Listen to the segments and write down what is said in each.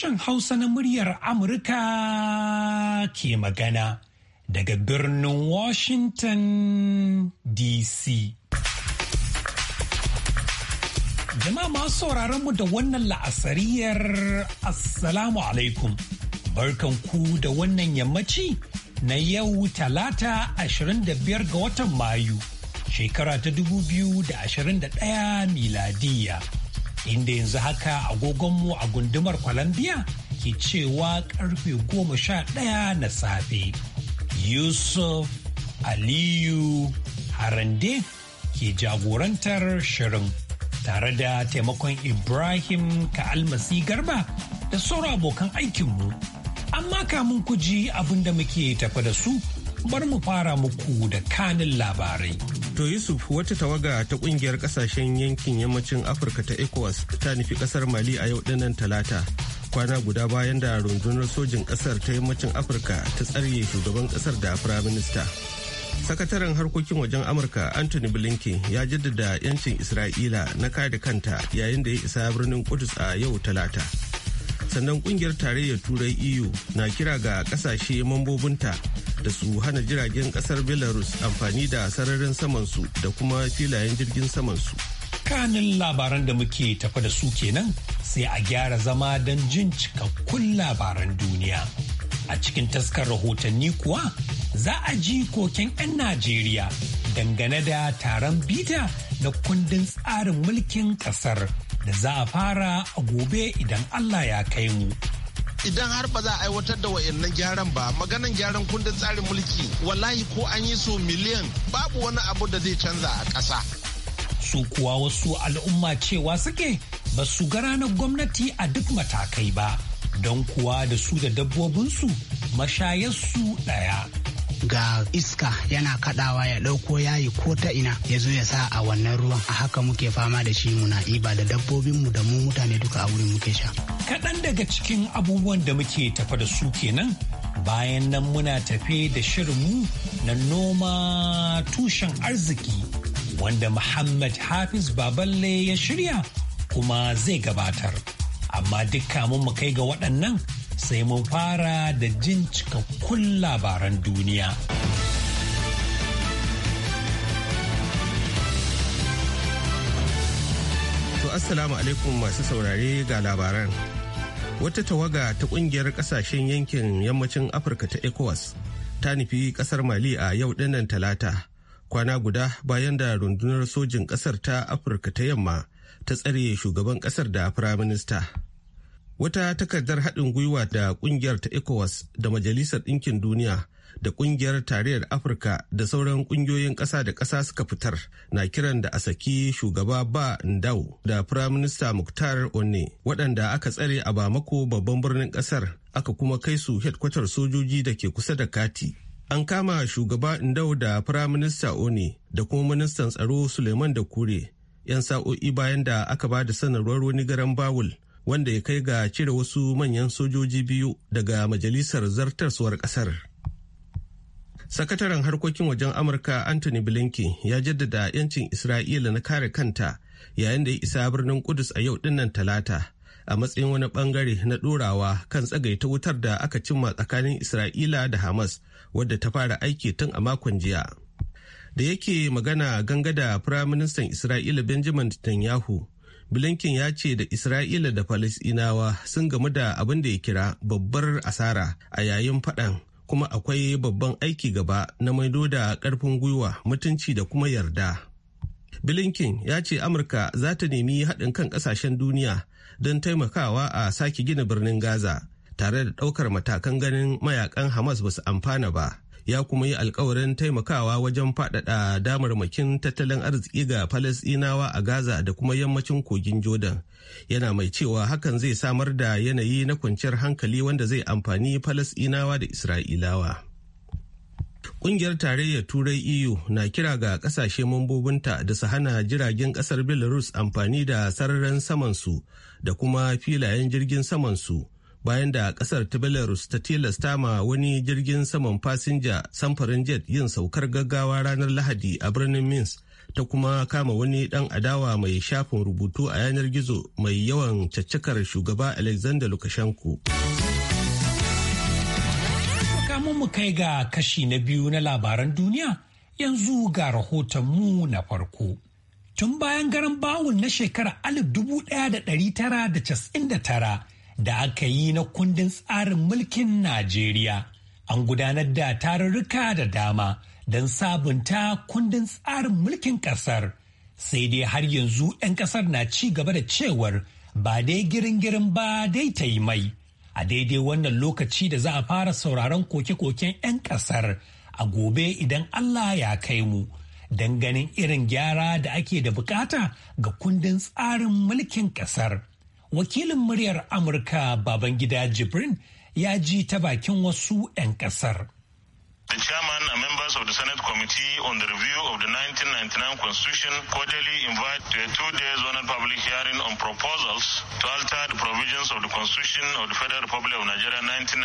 sashen Hausa na muryar Amurka ke magana daga birnin Washington DC. Jama'a masu sauraron mu da wannan la'asariyar Assalamu alaikum. Barkan ku da wannan yammaci na yau talata 25 ga watan Mayu, shekara ta 2021 miladiya. inda yanzu haka agogonmu a gundumar Colombia ke cewa karfe goma sha ɗaya na safe. Yusuf Aliyu Harande ke jagorantar shirin tare da taimakon Ibrahim ka Almasi Garba da sauran abokan aikinmu. Amma kamun ku ji abin da muke tafa da su, bar mu fara muku da kanin labarai. To Yusuf wata tawaga ta kungiyar kasashen yankin yammacin Afirka ta ECOWAS ta nufi kasar Mali a yau dinnan talata. Kwana guda bayan da rundunar sojin kasar ta yammacin Afirka ta tsare shugaban kasar da firaminista. Sakataren harkokin wajen Amurka Anthony Blinken ya jaddada 'yancin Isra'ila na kada kanta yayin da ya isa birnin Kudus a yau talata. sannan kungiyar tarayyar turai eu na kira ga kasashe mambobinta da su hana jiragen kasar belarus amfani da sararin samansu da kuma filayen jirgin samansu kanin labaran da muke tafa da su kenan sai a gyara zama don jin cikakkun labaran duniya a cikin taskar rahotanni kuwa za a ji koken 'yan najeriya dangane da taron bita na kundin tsarin mulkin kasar da za a fara a gobe idan Allah ya kai mu. idan har ba za a aiwatar da wayannan gyaran ba maganan gyaran kundin tsarin mulki wallahi ko an yi su miliyan babu wani abu da zai canza a ƙasa. su kuwa wasu al'umma cewa suke ba su ga ranar gwamnati a duk matakai ba don kuwa da su da dabbobinsu mashayarsu ɗaya ga iska yana kadawa ya dauko yayi ko ta ina ya zo ya sa a wannan ruwan a haka muke fama da shi muna iba da dabbobinmu da mu mutane duka a wurin muke sha kaɗan daga cikin abubuwan da muke tafa da su kenan bayan nan muna tafe da shirin mu na noma tushen arziki wanda Muhammad Hafiz Baballe ya shirya kuma zai gabatar. Amma duk mu kai ga waɗannan sai mun fara da jin cikakkun labaran duniya. To Assalamu alaikum masu saurare ga labaran. Wata tawaga ta kungiyar kasashen yankin yammacin Afirka ta ECOWAS ta nufi kasar Mali a yau dinnan talata kwana guda bayan da rundunar sojin kasar ta Afirka ta yamma ta tsare shugaban kasar da firaminista. wata takardar haɗin gwiwa da ƙungiyar ta ecowas da majalisar ɗinkin duniya da ƙungiyar tarayyar afirka da sauran ƙungiyoyin ƙasa da ƙasa suka fitar na kiran da a saki shugaba ba ndau da firayim muktar onne waɗanda aka tsare a bamako babban birnin ƙasar aka kuma kai su hedkwatar sojoji da ke kusa da kati an kama shugaba ndau da firayim minista one da kuma ministan tsaro suleiman da kure 'yan sa'o'i bayan da aka ba da sanarwar wani garan bawul wanda ya kai ga cire wasu manyan sojoji biyu daga majalisar zartarsuwar kasar. Sakataren harkokin wajen Amurka Anthony Blinken ya jaddada 'yancin Isra'ila na kare kanta yayin da ya isa birnin Kudus a yau dinnan talata a matsayin wani bangare na ɗorawa kan ta wutar da aka cimma tsakanin Isra'ila da Hamas wadda ta fara aiki tun a makon jiya. Da yake magana ganga da Firaministan Isra'ila Benjamin Netanyahu blinken ya ce da isra'ila da falasinawa sun gamu da abin da ya kira babbar asara a yayin faɗan kuma akwai babban aiki gaba na maido da ƙarfin gwiwa mutunci da kuma yarda blinken ya ce amurka za ta nemi haɗin kan ƙasashen duniya don taimakawa a sake gina birnin gaza tare da ɗaukar matakan ganin mayakan hamas ba su amfana ba ya kuma yi alkawarin taimakawa wajen faɗaɗa damarmakin tattalin arziki ga falasɗinawa a gaza da kuma yammacin kogin jordan yana mai cewa hakan zai samar da yanayi na kwanciyar hankali wanda zai amfani falasɗinawa da isra'ilawa Ƙungiyar tarayyar Turai EU na kira ga ƙasashe mambobinta da su hana jiragen ƙasar Belarus amfani da sararin samansu da kuma filayen jirgin samansu bayan da kasar ta belarus ta tilasta ma wani jirgin saman fasinja samfarin jet yin saukar gaggawa ranar lahadi a birnin minsk ta kuma kama wani dan adawa mai shafin rubutu a yanar gizo mai yawan caccakar shugaba alexander lukashenko mu kai ga kashi na biyu na labaran duniya yanzu ga rahotonmu na farko tun bayan garin bawul na shekarar 1999 da aka yi na kundin tsarin mulkin Najeriya. An gudanar da tarurruka da dama don sabunta kundin tsarin mulkin ƙasar. Sai dai har yanzu 'yan ƙasar na ci gaba da cewar ba dai girin-girin ba dai ta yi mai. A daidai wannan lokaci da za a fara sauraron koke-koken 'yan ƙasar a gobe idan Allah ya kai mu. Don ganin irin gyara da ake da bukata ga kundin tsarin mulkin ƙasar. wakilin muryar amurka babangida jibrin ya ji ta bakin wasu 'yan kasar The chairman and members of the Senate Committee on the Review of the 1999 Constitution cordially invite to a two-day zonal public hearing on proposals to alter the provisions of the Constitution of the Federal Republic of Nigeria 1999,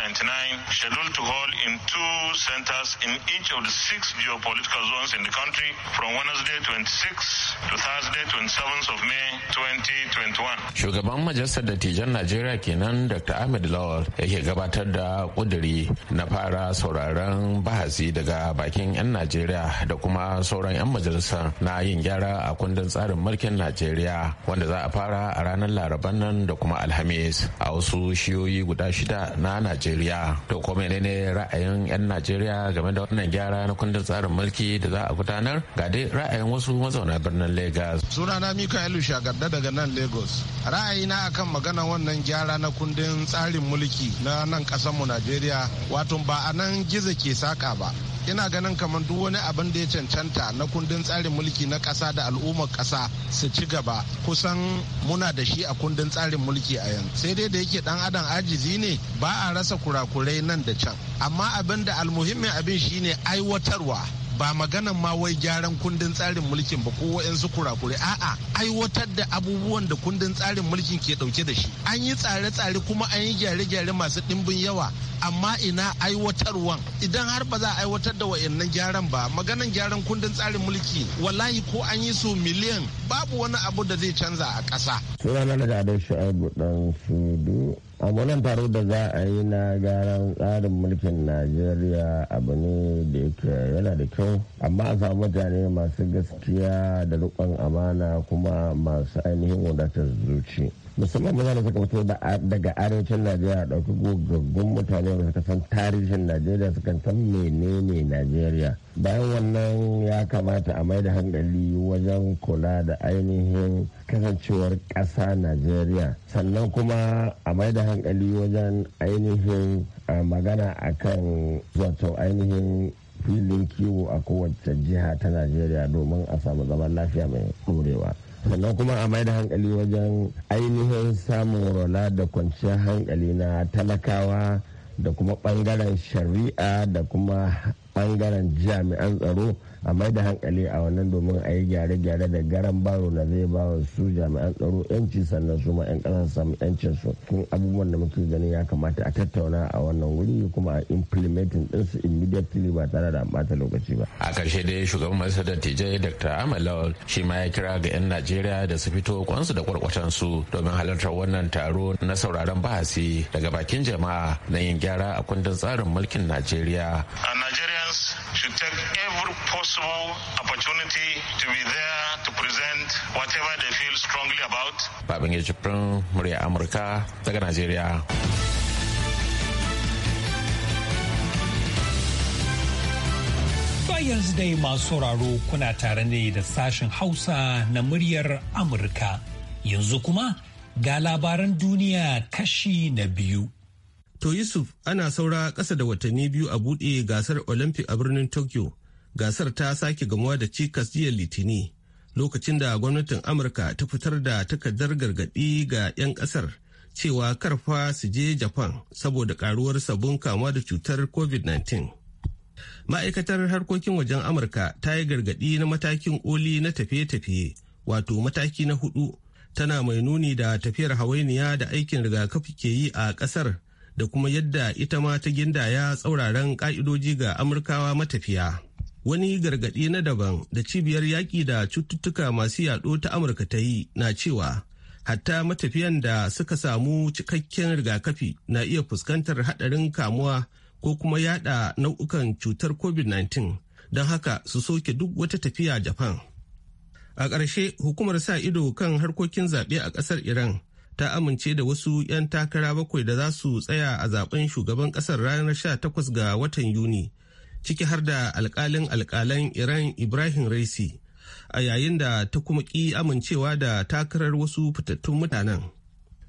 scheduled to hold in two centers in each of the six geopolitical zones in the country from Wednesday 26 to Thursday 27th of May 2021. Shugaban Majalisar Dattijan Najeriya kenan Dr. Ahmed Lawal yake gabatar da kuduri na fara sauraron ba hatsi daga bakin 'yan najeriya da kuma sauran 'yan majalisa na yin gyara a kundin tsarin mulkin najeriya wanda za a fara a ranar laraban nan da kuma alhamis a wasu shiyoyi guda shida na najeriya to ko menene ra'ayin 'yan najeriya game da wannan gyara na kundin tsarin mulki da za a gudanar ga dai ra'ayin wasu mazauna birnin lagos sunana mikaelu shagarda daga nan lagos ra'ayina akan magana wannan gyara na kundin tsarin mulki na nan kasanmu najeriya wato ba a nan gizo ke saka haka ba ina ganin kamar duk wani abin da ya cancanta na kundin tsarin mulki na kasa da al'ummar kasa su ci gaba kusan muna da shi a kundin tsarin mulki a yanzu sai dai da yake dan adam ajizi ne ba a rasa kurakurai nan da can amma abin da almuhimmin abin shine aiwatarwa ba maganan ma wai gyaran kundin tsarin mulkin ba ko wa'yansu kurakure a'a aiwatar da abubuwan da kundin tsarin mulkin ke dauke da shi an yi tsare-tsare kuma an yi gyare-gyare masu dimbin yawa amma ina aiwatarwan idan har ba za a aiwatar da wa'annan gyaran ba maganan gyaran kundin tsarin mulki wallahi ko an yi su miliyan babu wani abu da zai canza a ƙasa. sunana da adon shu'aibu dan fudu a wannan taro da za a yi na gyaran tsarin mulkin najeriya abu ne da yake yana da kyau amma a samu mutane masu gaskiya da riƙon amana kuma masu ainihin wadatar zuci musamman maza da suka fito daga arewacin najeriya a ɗauki gogaggun mutane da suka san tarihin najeriya suka san menene najeriya bayan wannan ya kamata a mai da hankali wajen kula da ainihin kasancewar ƙasa najeriya sannan kuma a mai da hankali wajen ainihin magana a kan zato ainihin filin kiwo a kowace jiha ta najeriya domin a samu zaman lafiya mai ɗorewa sannan kuma a maida hankali wajen ainihin samun rola da kwanciyar hankali na talakawa da kuma bangaren shari'a da kuma bangaren jami'an tsaro a mai da hankali a wannan domin a yi gyare-gyare da garan baro na zai ba wa su jami'an tsaro yanci sannan su ma 'yan ƙasa samu yancin su kun abubuwan da muke ganin ya kamata a tattauna a wannan wuri kuma a implementing ɗinsu immediately ba tare da ɓata lokaci ba. a ƙarshe dai shugaban majalisar dattijai dr ahmad lawal shi ma ya kira ga 'yan najeriya da su fito kwansu da su domin halartar wannan taro na sauraron bahasi daga bakin jama'a na yin gyara a kundin tsarin mulkin najeriya. a najeriya should take every possible opportunity to be there to present whatever they feel strongly about. Babin Ejiprin murya Amurka daga Najeriya. yanzu dai masu sauraro kuna tare ne da sashen Hausa na muryar Amurka. Yanzu kuma ga labaran duniya kashi na biyu. To Yusuf ana saura ƙasa da watanni biyu a buɗe gasar Olympic a birnin Tokyo. Gasar ta sake gamuwa da cikas jiya Litini lokacin da gwamnatin Amurka ta fitar da takardar gargaɗi ga 'yan ƙasar cewa karfa su je Japan saboda karuwar sabon kamuwa da cutar COVID-19. Ma'aikatar harkokin wajen Amurka ta yi gargaɗi na matakin oli na tafiye-tafiye wato mataki na hudu tana mai nuni da tafiyar hawainiya da aikin rigakafi ke yi a ƙasar da kuma yadda ita ma ta gindaya tsauraran ka'idoji ga amurkawa matafiya wani gargadi na daban da cibiyar yaƙi da cututtuka masu yaɗo ta amurka ta yi na cewa hatta matafiyan da suka samu cikakken rigakafi na iya fuskantar haɗarin kamuwa ko kuma yaɗa nau'ukan cutar covid-19 don haka su soke duk wata tafiya japan a ƙarshe hukumar sa ido kan harkokin zaɓe a ƙasar iran ta amince da wasu 'yan takara bakwai da za su tsaya a zaben shugaban kasar ranar 18 ga watan yuni ciki har da alkalin alkalan iran ibrahim raisi a yayin da ta kuma ki amincewa da takarar wasu fitattun mutanen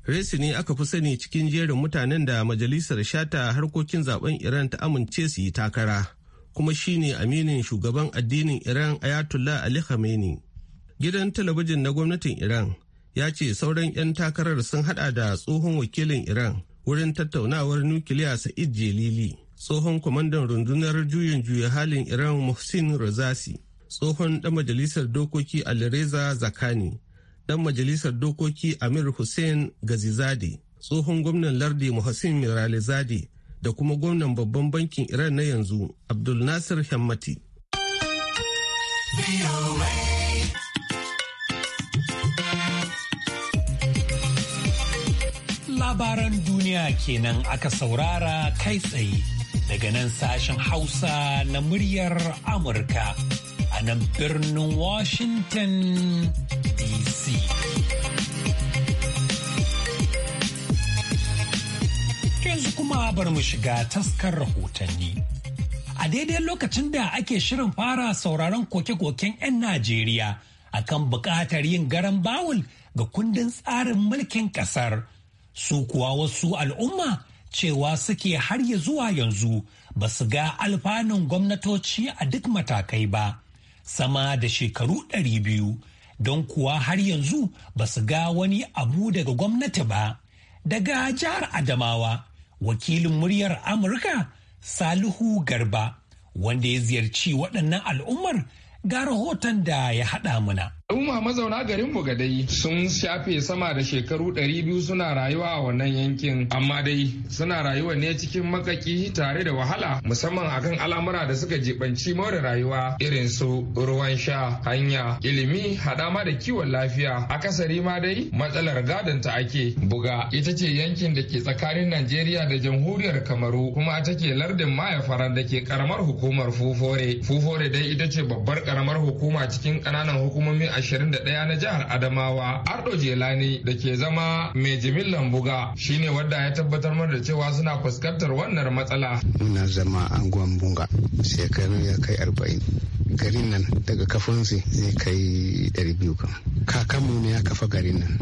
raisi ne aka fi sani cikin jerin mutanen da majalisar shata harkokin zaben iran ta amince su yi takara kuma shine aminin shugaban addinin iran ayatollah ali khamenei gidan talabijin na gwamnatin iran ya ce sauran 'yan takarar sun hada da tsohon wakilin iran wurin tattaunawar nukiliya sa'id jelili tsohon kwamandan rundunar juyin juya halin iran muhsin razasi tsohon dan majalisar dokoki alireza zakani dan majalisar dokoki amir hussein gazizade tsohon gwamnan lardi muhsin miralizade da kuma gwamnan babban bankin iran na yanzu abdul nasir hemmati. Labaran duniya kenan aka saurara kai tsaye daga nan sashen Hausa na muryar Amurka a nan birnin Washington DC. Yanzu kuma bar mu shiga taskar rahotanni. A daidai lokacin da ake shirin fara sauraron koke-koken 'yan Najeriya akan buƙatar yin garan bawul ga kundin tsarin mulkin ƙasar. su kuwa wasu al'umma cewa suke har ya zuwa yanzu ba su ga alfanun gwamnatoci a duk matakai ba sama da shekaru ɗari biyu don kuwa har yanzu ba su ga wani abu daga gwamnati ba daga jihar adamawa wakilin muryar amurka salihu garba wanda ya ziyarci waɗannan al'ummar ga rahoton da ya haɗa muna Al'umma mazauna garin dai sun shafe sama da shekaru 200 suna rayuwa a wannan yankin, amma dai suna rayuwa ne cikin makaki tare da wahala musamman akan al'amura da suka jibanci more rayuwa irin su ruwan sha, hanya, ilimi, hadama da kiwon lafiya. Akasari ma dai matsalar gadon ta ake buga ita ce yankin da ke tsakanin Najeriya da jamhuriyar Kamaru kuma take lardin Maya da ke karamar hukumar Fufore. Fufore dai ita ce babbar karamar hukuma cikin ƙananan hukumomi 21 na jihar Adamawa Ardo Jelani da ke zama mai jimillan buga shine wadda ya tabbatar mana da cewa suna fuskantar wannan matsala. Muna zama anguwan bunga shekaru ya kai arba'in. Garin nan daga kafin zai kai ɗari biyu kan. Kakanmu ne ya kafa garin nan.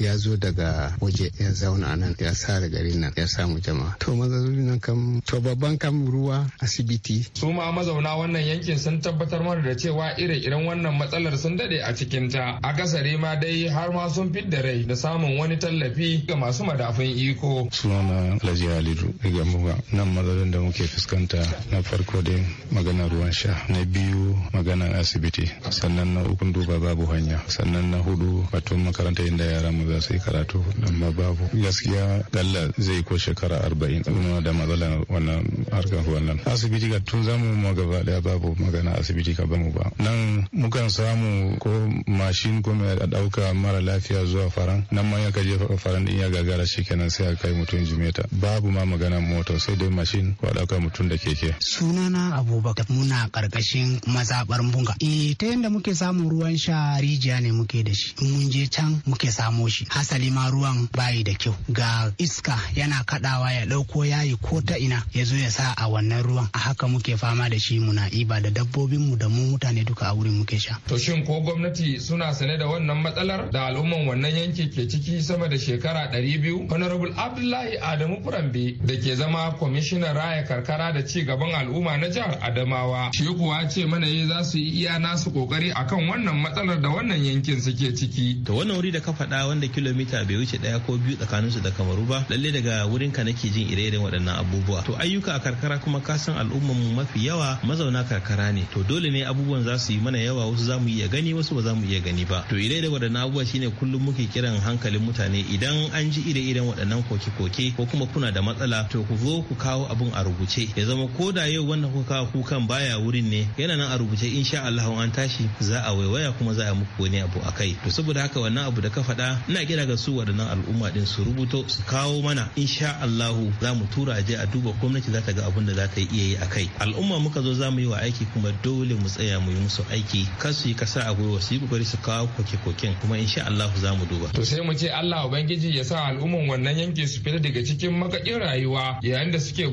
ya zo daga waje ya zauna a nan ya sa da garin nan ya samu jama'a to mazalolin nan kam to babban kam ruwa asibiti su ma mazauna wannan yankin sun tabbatar mana da cewa ire-iren wannan matsalar sun dade a cikin ta a akasari ma dai har ma sun fidda rai da samun wani tallafi ga masu madafun iko sunana Alhaji Halidu daga Muga nan matsalolin da muke fuskanta na farko dai magana ruwan sha na biyu maganar asibiti sannan na uku duba babu hanya sannan na hudu batun makaranta inda yaran mu ba su yi karatu amma babu gaskiya kalla zai ko shekara arba'in kuma da matsalar wannan harkar wannan asibiti ga tun zamu ma gaba daya babu magana asibiti ka bamu ba nan mukan samu ko mashin ko mai dauka mara lafiya zuwa faran nan ma ya kaje faran din ya gagara shikenan sai a kai mutum jimeta babu ma magana mota sai dai mashin ko dauka mutum da keke sunana abubakar muna karkashin mazabar bunga eh ta yanda muke samun ruwan sha rijiya ne muke da shi mun je can muke samo shi shi hasali ma ruwan bayi da kyau ga iska yana kadawa ya dauko yayi ko ta ina ya zo ya sa a wannan ruwan a haka muke fama da shi muna iba da dabbobin mu da mu mutane duka a wurin muke sha to shin ko gwamnati suna sane da wannan matsalar da al'umman wannan yanki ke ciki sama da shekara 200 honorable abdullahi adamu furambe da ke zama kwamishinan raya karkara da ci gaban al'umma na jihar adamawa shi kuwa ce mana yi eh, za su yi iya nasu kokari akan wannan matsalar da wannan yankin suke ciki to wannan wuri da ka faɗa wanda kilomita bai wuce daya ko biyu tsakanin su da kamaru ba lalle daga wurin ka nake jin ire-iren waɗannan abubuwa to ayyuka a karkara kuma ka san al'ummar mu mafi yawa mazauna karkara ne to dole ne abubuwan za su yi mana yawa wasu za mu iya gani wasu ba za mu iya gani ba to ire-iren waɗannan abubuwa shine kullum muke kiran hankalin mutane idan an ji ire-iren waɗannan koke-koke ko kuma kuna da matsala to ku zo ku kawo abun a rubuce ya zama ko da yau wannan kuka kukan baya wurin ne yana nan a rubuce insha Allah an tashi za a waiwaya kuma za a muku wani abu a kai to saboda haka wannan abu da ka faɗa ina kira ga su waɗannan al'umma din su rubuto su kawo mana insha Allahu za mu tura je a duba gwamnati za ta ga abin da za ta iya yi a kai al'umma muka zo za mu yi wa aiki kuma dole mu tsaya mu yi musu aiki kar su yi kasa a gwiwa su yi kokari su kawo koke-koken kuma insha Allahu za mu duba to sai mu ce Allah ubangiji ya sa al'umman wannan yanki su fita daga cikin makakin rayuwa yayin da suke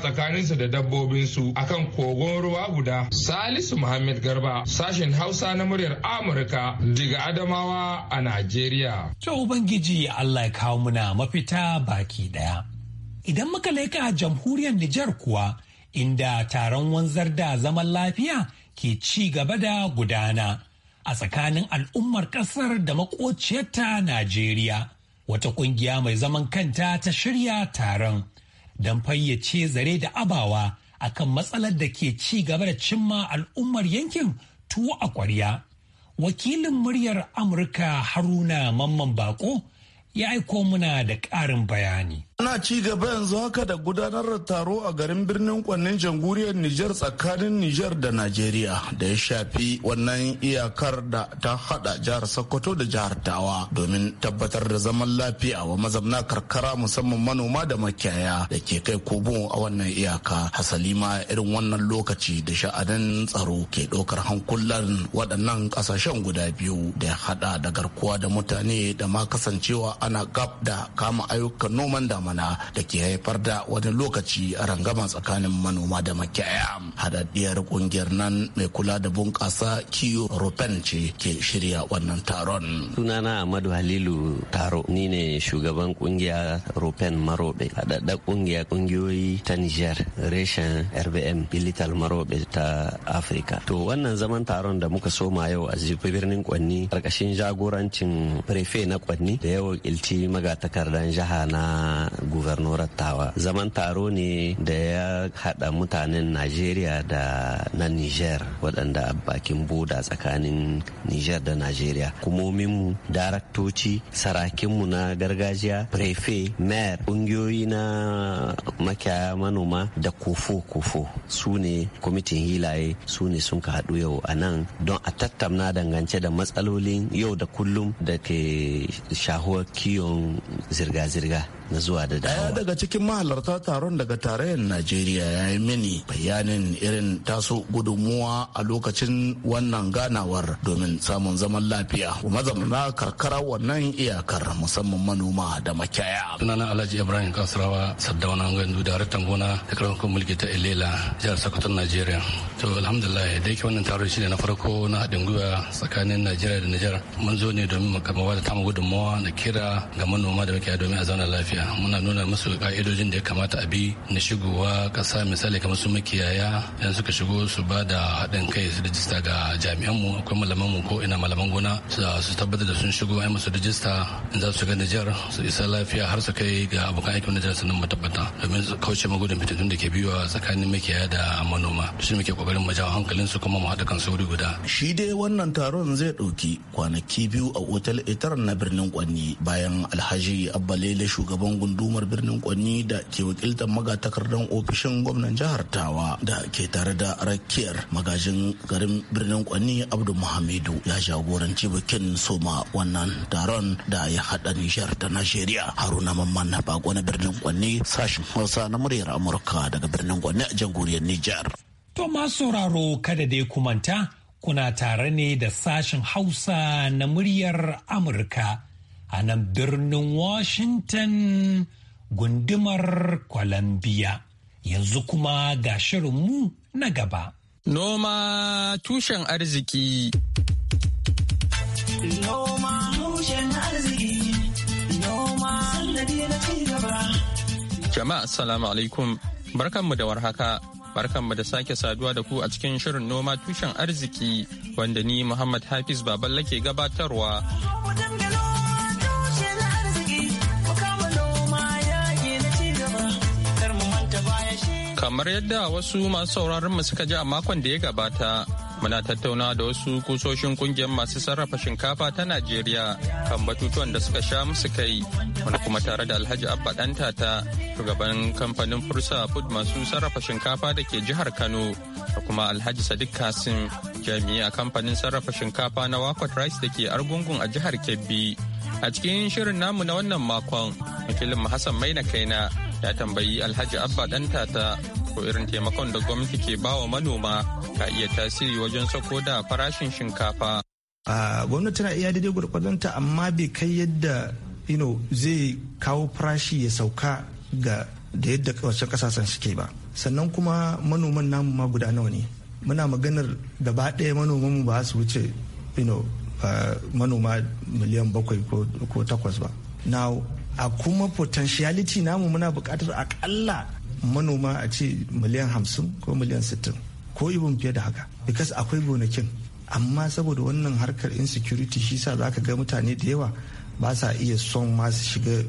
tsakanin su da dabbobin su akan kogon ruwa guda Salisu Muhammad Garba sashen Hausa na muryar Amurka daga Adamawa a Najeriya To Ubangiji Allah ya kawo muna mafita baki ɗaya. Idan muka leka a jamhuriyar Nijar kuwa inda taron wanzar da zaman lafiya ke ci gaba da gudana a tsakanin al'ummar ƙasar da makociyarta Najeriya. Wata ƙungiya mai zaman kanta ta shirya taron don fayyace zare da abawa akan matsalar da ke ci gaba da cimma al'ummar yankin tuwo a ƙwarya. wakilin muryar amurka haruna mamman bako ya aiko muna da ƙarin bayani Ana ci gaba yanzu haka da gudanar da taro a garin birnin kwannin jamhuriyar Nijar tsakanin Nijar da Najeriya da ya shafi wannan iyakar da ta hada jihar Sokoto da jihar Tawa domin tabbatar da zaman lafiya wa mazamna karkara musamman manoma da makiyaya da ke kai kobo a wannan iyaka. Hasali ma irin wannan lokaci da sha'anin tsaro ke ɗaukar hankulan waɗannan ƙasashen guda biyu da ya hada da garkuwa da mutane da ma kasancewa ana gab da kama ayyukan noman da zamana da ke haifar da wani lokaci rangama tsakanin manoma da makiyaya haɗaɗɗiyar ƙungiyar nan mai kula da bunƙasa kiwo rufen ce ke shirya wannan taron sunana amadu halilu taro ni ne shugaban ƙungiya rufen marobe haɗaɗɗa ƙungiya ƙungiyoyi ta niger reshen rbm bilital marobe ta afirka to wannan zaman taron da muka soma yau a birnin kwanni karkashin jagorancin prefe na kwanni da yawan ilti magatakardan jiha na guvernorar tawa zaman taro ne da ya hada mutanen najeriya da na niger waɗanda a bakin boda tsakanin niger da najeriya kumominmu daraktoci sarakinmu na gargajiya prefe mayor ƙungiyoyi na makiyaya manoma da kofo-kofo su ne kwamitin hilaye su ne sun ka haɗu yau a nan don a tattamna dangance da matsalolin yau da kullum da ke shahuwar kiyon zirga-zirga na zuwa da dawowa. Daya daga cikin mahalarta taron daga tarayyar Najeriya ya yi mini bayanin irin taso gudunmuwa a lokacin wannan ganawar domin samun zaman lafiya. Mazauna karkara wannan iyakar musamman manoma da makiyaya. Sunana Alhaji Ibrahim Kasarawa Saddauna Gandu daraktan gona da karfafin mulki ta Ilela jihar Sokoto Najeriya. To alhamdulillah da yake wannan taron ne na farko na haɗin gwiwa tsakanin Najeriya da Nijar. Mun zo ne domin mu kama da tamu gudunmuwa da kira ga manoma da makiyaya domin a zauna lafiya. muna nuna musu ka'idojin da ya kamata a bi na shigowa ƙasa misali kamar su makiyaya yan suka shigo su ba da haɗin kai su rijista ga jami'anmu akwai mu ko ina malaman gona su tabbatar da sun shigo ai musu rijista in za su ga Nijar su isa lafiya har su kai ga abokan aikin Nijar sannan mu tabbata domin kauce magudun fitattun da ke biyuwa tsakanin makiyaya da manoma shi muke kokarin mu jawo hankalin su kuma mu haɗa kan sauri guda. Shi dai wannan taron zai ɗauki kwanaki biyu a otal itar na birnin Kwanni bayan Alhaji Abbalele shugaban shugaban gundumar birnin Kwanni da ke wakiltar magatakardan ofishin gwamnan jihar Tawa da ke tare da rakiyar magajin garin birnin Kwanni Abdul Muhammadu ya jagoranci bikin soma wannan taron da ya hada Nijar ta Najeriya. Haruna Mamman na bako na birnin Kwanni sashen Hausa na muryar Amurka daga birnin Kwanni a jamhuriyar Nijar. To sauraro kada dai kumanta kuna tare ne da sashen Hausa na muryar Amurka. a nan birnin Washington gundumar Columbia. Yanzu kuma ga mu na gaba. Noma tushen arziki. Noma tushen arziki. Noma na ci gaba. Jama'a salamu alaikum. Barkanmu da warhaka. Barkanmu da sake saduwa da ku a cikin shirin noma tushen arziki wanda ni Muhammad Hafiz Baballa ke gabatarwa. Kamar yadda wasu masu sauraron mu suka ji a makon da ya gabata, muna tattauna da wasu kusoshin kungiyar masu sarrafa shinkafa ta Najeriya kan batutuwan da suka sha musu kai, wani kuma tare da Alhaji Abba Danta ta shugaban kamfanin Fursa Food masu sarrafa shinkafa da ke jihar Kano da kuma Alhaji Sadiq Kasim jami'a kamfanin sarrafa shinkafa na Wakot Rice da ke Argungun a jihar Kebbi. A cikin shirin namu na wannan makon, wakilin Hassan Maina Kaina ya tambayi alhaji abba ɗanta ta ko irin taimakon da gwamnati ke ba wa manoma ka iya tasiri wajen sako da farashin shinkafa. gwamnati tana iya daidai gwargwadonta amma bai kai yadda zai kawo farashi ya sauka ga da yadda wancan kasashen suke ba sannan kuma manoman namu ma guda nawa ne muna maganar gaba ɗaya manoman mu ba su wuce manoma miliyan bakwai ko takwas ba now a kuma potentiality namu muna buƙatar akalla manoma a ce miliyan hamsin ko miliyan sittin ko ibin fiye da haka because akwai gonakin amma saboda wannan harkar insecurity shi sa za ka ga mutane da yawa ba sa iya son masu shiga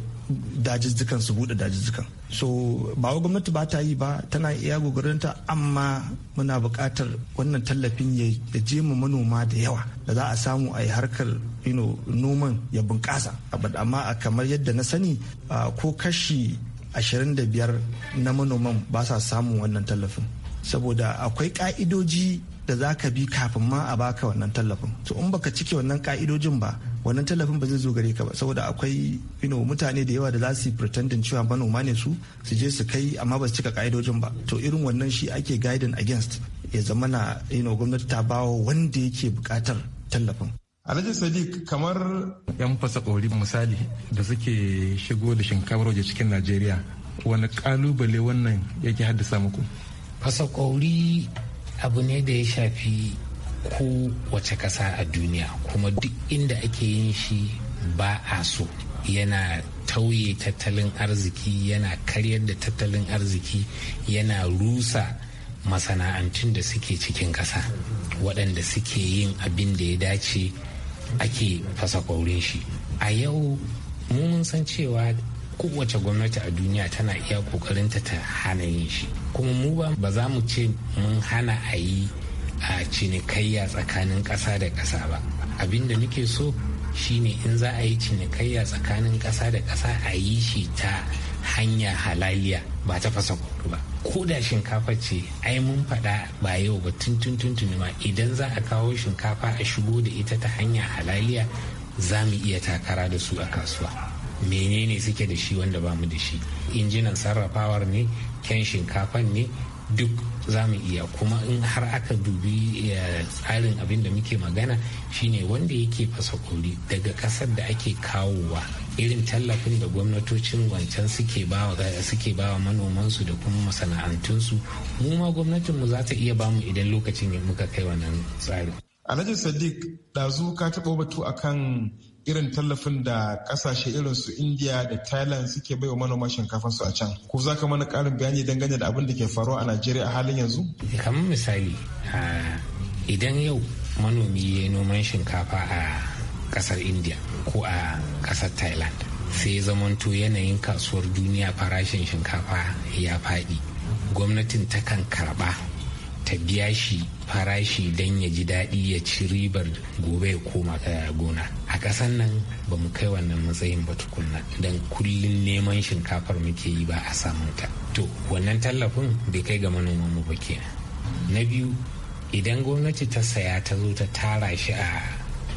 dajizzukan su bude dajizzukan so ba wa gwamnati ba ta yi ba tana iya gogarinta amma muna buƙatar wannan tallafin ya je mu manoma da yawa da za a samu a yi harkar noman ya bunƙasa amma a kamar yadda na sani ko kashi 25 na manoman ba sa samun wannan tallafin saboda akwai ka'idoji da za ka bi kafin ma a baka wannan tallafin to in baka cike wannan ka'idojin ba wannan tallafin ba zai zo gare ka ba saboda akwai know, mutane da yawa da za su pretendin cewa manoma ne su su je su kai amma ba su cika ka'idojin ba to irin wannan shi ake guiding against ya zama na know, gwamnati ta bawa wanda yake bukatar tallafin Alhaji Sadiq kamar yan fasa kori misali da suke shigo da shinkafar waje cikin Najeriya wani kalubale wannan yake haddasa muku? Fasa kori abu ne da ya shafi kowace ƙasa a duniya kuma duk inda ake yin shi ba a so yana tauye tattalin arziki yana karyar da tattalin arziki yana rusa masana'antun da suke cikin ƙasa waɗanda suke yin abin da ya dace ake fasa ƙaurin shi a yau mun san cewa kowace gwamnati a duniya tana iya ƙoƙarinta ta hana yin shi kuma mu ba za mu ce mun hana a yi a cinikayya tsakanin ƙasa da ƙasa ba abin da nake so shine in za a yi cinikayya tsakanin ƙasa da ƙasa a yi shi ta hanya halaliya ba ta fasa kudu ba ko da shinkafa ce ai mun faɗa ba yau ba tun tun tun ma idan za a kawo shinkafa a shigo da ita ta hanya halaliya za mu iya takara da su a kasuwa menene suke da shi wanda ba mu da shi injinan sarrafawar ne ken shinkafan ne duk za mu iya kuma in har aka dubi tsarin abin da muke magana shine wanda yake fasa kuri daga kasar da ake kawowa irin tallafin da gwamnatocin wancan suke bawa suke bawa manomansu da kuma masana'antunsu mu ma gwamnatinmu za ta iya bamu idan lokacin muka kai wannan tsarin alhaji sadiq ɗazu ka taɓa batu akan irin tallafin da kasashe irin su india da thailand suke baiwa manoma shinkafansu a can ko za ka mana karin bayani dangane da abin da ke faruwa a najeriya a halin yanzu eh, kamar misali idan yau manomi ya noman shinkafa a kasar india ko a kasar thailand sai zamanto yanayin kasuwar duniya farashin shinkafa ya faɗi gwamnatin takan karɓa ka biya shi farashi don ya ji daɗi ya ci ribar gobe ya koma gona a ƙasan nan ba mu kai wannan matsayin ba tukunna don kullum neman shinkafar muke yi ba a samun ta to wannan tallafin bai kai ga manoman mu ba kenan na biyu idan gwamnati ta saya ta zo ta tara shi a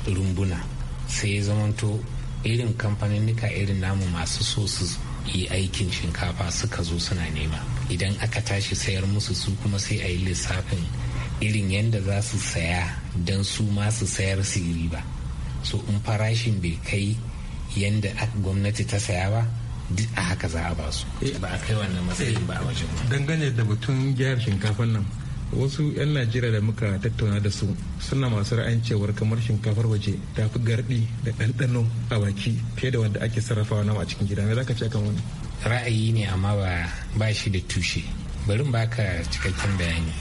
rumbuna sai ya zamanto irin kamfanin irin namu masu so su yi aikin shinkafa suka zo suna nema idan aka tashi sayar musu su kuma sai a yi lissafin irin yadda za su saya don su masu sayar su yi riba so in farashin bai kai yadda gwamnati ta saya ba duk a haka za a ba su eh, ba a kai wannan matsayin ba a wajen dangane da batun gyara shinkafan nan wasu 'yan najeriya da muka tattauna da su suna masu ra'ayin cewar kamar shinkafar waje ta fi garɗi da ɗanɗano a baki fiye da wanda ake sarrafawa nama a cikin gida me zaka ce kan wani ra'ayi ne amma ba ba shi da tushe bari mu baka cikakken bayani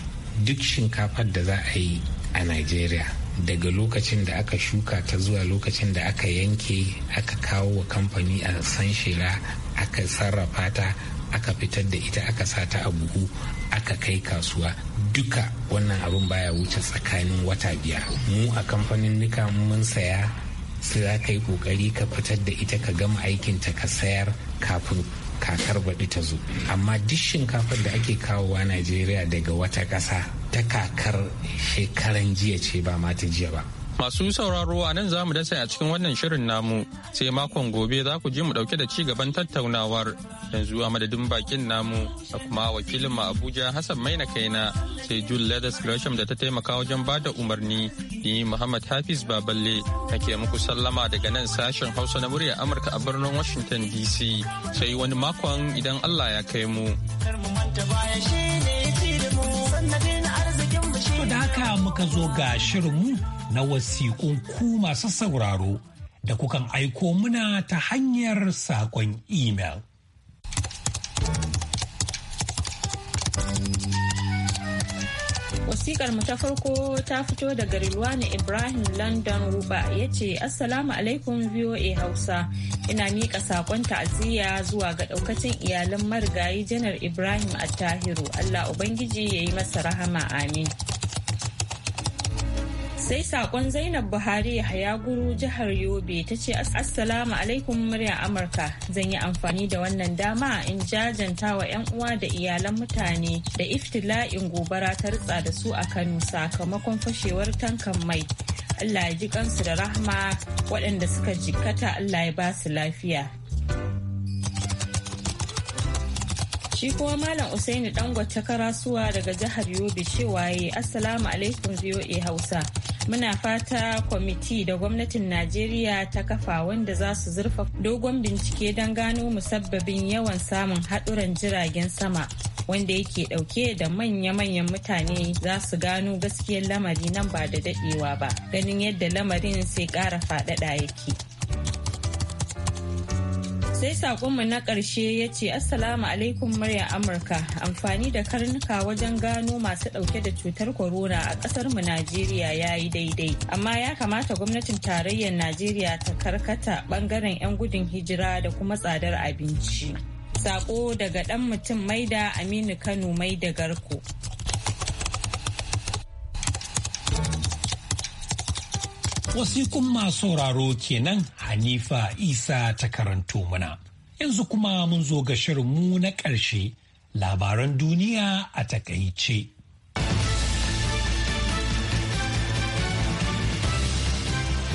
duk shinkafar da za a yi a najeriya daga lokacin da aka shuka ta zuwa lokacin da aka yanke aka kawo wa kamfani a san shela aka sarrafa ta aka fitar da ita aka sa ta a buhu aka kai kasuwa duka wannan abin baya wuce tsakanin wata biyar mu a kamfanin nika mun saya sai za ka yi kokari ka fitar da ita ka gama aikin ta ka sayar kafin kakar baɗi ta zo amma duk shinkafar da ake kawowa najeriya daga wata ƙasa ta kakar shekaran jiya ce ba ma ta jiya ba Masu sauraro a nan za mu dasa a cikin wannan shirin namu sai makon gobe za ku je mu dauke da ci gaban tattaunawar yanzu a madadin bakin namu da kuma wakilin mu Abuja Hassan Maina Kaina sai Jul Leathers Gresham da ta taimaka wajen ba da umarni ni Muhammad Hafiz Baballe nake muku sallama daga nan sashen Hausa na murya Amurka a birnin Washington DC sai wani makon idan Allah ya kai mu. Da haka muka zo ga shirinmu na wasiƙun ku masu sauraro da kukan aiko muna ta hanyar saƙon imel. wasiƙar mu ta farko ta fito daga Rilwani Ibrahim London Ruba ya ce, Assalamu alaikum VOA Hausa, ina miƙa saƙon ta'aziyya zuwa ga ɗaukacin iyalan marigayi janar Ibrahim Attahiru, Allah Ubangiji ya yi masa rahama amin. sai sakon zainab buhari ya guru jihar yobe ta ce assalamu alaikum murya amurka zan yi amfani da wannan dama in jajanta wa 'yan uwa da iyalan mutane da iftila'in gobara ta ritsa da su a kano sakamakon fashewar tankan mai allah ya ji kansu da rahma waɗanda suka jikkata allah ya ba su lafiya Shi kuma Malam Usaini Dangote Karasuwa daga jihar Yobe cewa yi Assalamu alaikum VOA Hausa. Muna fata kwamiti da gwamnatin Najeriya ta kafa wanda za su zurfa dogon bincike don gano musabbabin yawan samun haɗuran jiragen sama wanda yake ɗauke da manya-manyan mutane za su gano gaskiyar lamari nan ba da daɗewa ba ganin yadda lamarin sai ƙara faɗaɗa yake. sai sakonmu na ƙarshe ya ce assalamu alaikum murya amurka amfani da karnuka wajen gano masu ɗauke da cutar corona a ƙasar mu najeriya ya yi daidai amma ya kamata gwamnatin tarayyar najeriya ta karkata ɓangaren 'yan gudun hijira da kuma tsadar abinci sako daga ɗan mutum maida aminu kano mai da garko Wasikun masu sauraro kenan Hanifa Isa ta karanto mana. Yanzu kuma mun zo ga shirinmu na ƙarshe labaran duniya a takaice.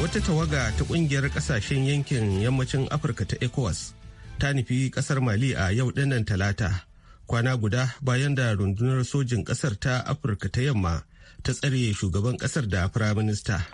Wata tawaga ta ƙungiyar ƙasashen yankin yammacin Afirka ta ECOWAS ta nufi ƙasar Mali a yau ɗinnan talata. kwana guda bayan da rundunar sojin ƙasar ta afirka ta yamma ta tsare shugaban ƙasar da firaminista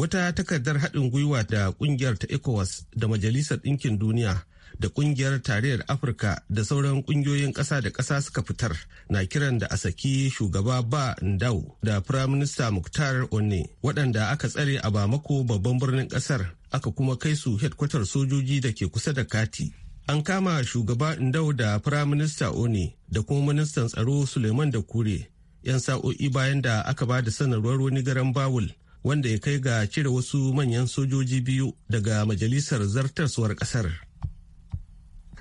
wata takardar haɗin gwiwa da ƙungiyar ta ecowas da majalisar ɗinkin duniya da ƙungiyar tarayyar afirka da sauran ƙungiyoyin ƙasa da ƙasa suka fitar na kiran da a saki shugaba ba ndau da firaminista muktar onne waɗanda aka tsare a bamako babban birnin ƙasar aka kuma kai su hedkwatar sojoji da ke kusa da kati an kama shugaba ndau da firaminista one da kuma ministan tsaro suleiman da kure 'yan sa'o'i bayan da aka ba da sanarwar wani garan bawul wanda ya kai ga cire wasu manyan sojoji biyu daga majalisar zartaswar kasar.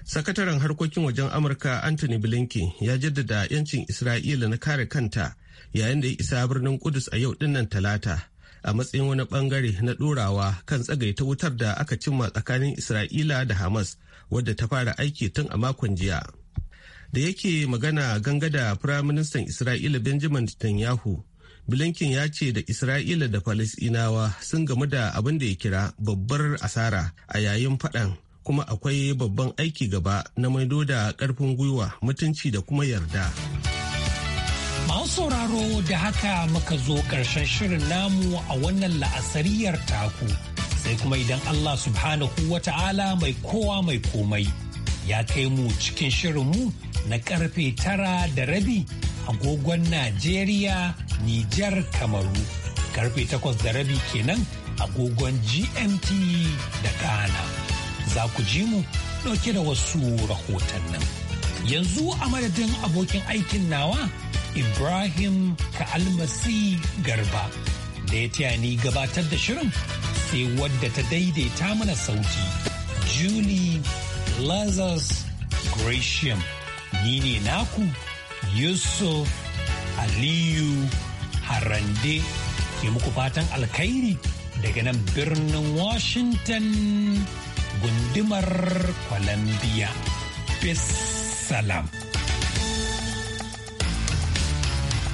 Sakataren harkokin wajen Amurka Anthony Blinken ya jaddada 'yancin Isra'ila na kare kanta yayin da ya isa birnin Kudus a yau dinnan talata a matsayin wani bangare na ɗorawa kan ta wutar da aka cimma tsakanin Isra'ila da Hamas wadda ta fara aiki tun a makon jiya. Da yake magana ganga da Firaministan Isra'ila Benjamin Netanyahu blinken ya ce da isra'ila da falasinawa sun gamu da abin da ya kira babbar asara a yayin faɗan kuma akwai babban aiki gaba na maido da ƙarfin gwiwa mutunci da kuma yarda masu sauraro da haka muka zo ƙarshen shirin namu a wannan la'asariyar taku sai kuma idan allah subhanahu wa ta'ala mai kowa mai komai ya kai mu cikin shirin mu na karfe tara da rabi agogon Najeriya, Nijar, Kamaru. Karfe takwas da rabi kenan agogon GMT da Ghana. Za ku ji mu ɗauke da wasu rahoton nan. Yanzu a madadin abokin aikin nawa Ibrahim Ka'almasi Garba da ya taya ni gabatar da shirin sai wadda ta daidaita mana sauti Julie Lazarus Gratiam. Ni ne naku. Yusuf Aliyu Harande ke muku fatan alkhairi daga nan birnin Washington gundumar Columbia. Peace salam.